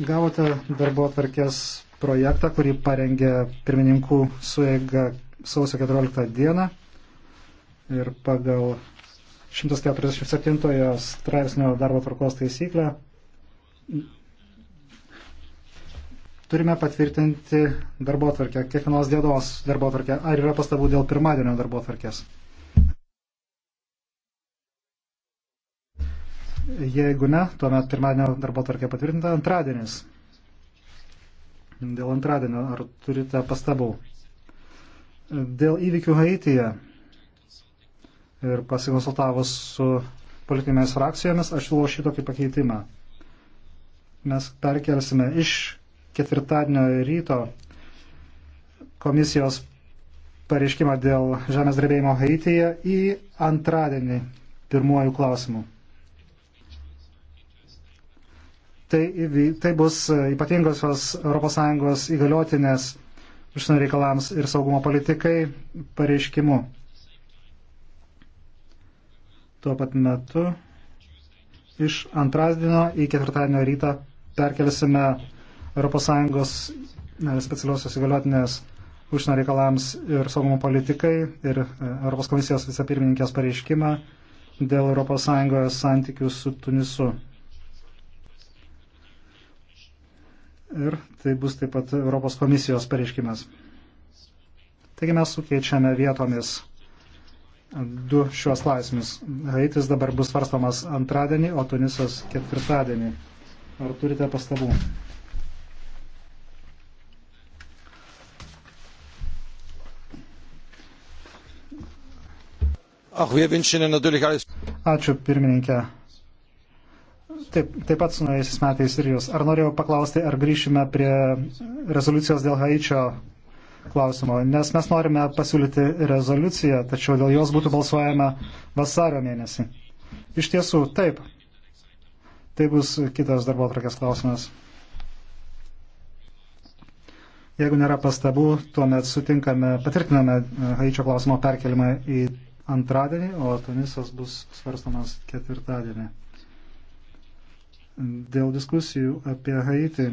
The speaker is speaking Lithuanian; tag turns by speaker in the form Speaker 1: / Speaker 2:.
Speaker 1: Gavote darbo atvarkės projektą, kurį parengė pirmininkų sueiga sausio 14 dieną ir pagal 147 straipsnio darbo tvarkos taisyklę turime patvirtinti darbo atvarkę, kiekvienos dienos darbo atvarkę. Ar yra pastabų dėl pirmadienio darbo atvarkės? Jeigu ne, tuomet pirmadienio darbo tvarkė patvirtinta antradienis. Dėl antradienio, ar turite pastabų? Dėl įvykių Haityje ir pasikonsultavus su politinėmis frakcijomis, aš siūlau šitokį pakeitimą. Mes perkelsime iš ketvirtadienio ryto komisijos pareiškimą dėl žemės drebėjimo Haityje į antradienį pirmuoju klausimu. tai, tai bus e, ypatingosios ES įgaliotinės užsienio reikalams ir saugumo politikai pareiškimu. Tuo pat metu iš antrasdienio į ketvirtadienio rytą perkelsime ES e, specialiosios įgaliotinės užsienio reikalams ir saugumo politikai ir ES vicepirmininkės pareiškimą dėl ES santykių su Tunisu. Ir tai bus taip pat Europos komisijos pareiškimas. Taigi mes sukeičiame vietomis du šios laisvimus. Haitis dabar bus svarstamas antradienį, o Tunisas ketvirtadienį. Ar turite pastabų? Ačiū pirmininkė taip, taip pat su naujaisiais metais ir jūs. Ar norėjau paklausti, ar grįšime prie rezoliucijos dėl Haičio klausimo, nes mes norime pasiūlyti rezoliuciją, tačiau dėl jos būtų balsuojama vasario mėnesį. Iš tiesų, taip. Tai bus kitas darbo atrakės klausimas. Jeigu nėra pastabų, tuomet sutinkame, patvirtiname e, Haičio klausimo perkelimą į antradienį, o Tunisas bus svarstamas ketvirtadienį dėl diskusijų apie Haitį.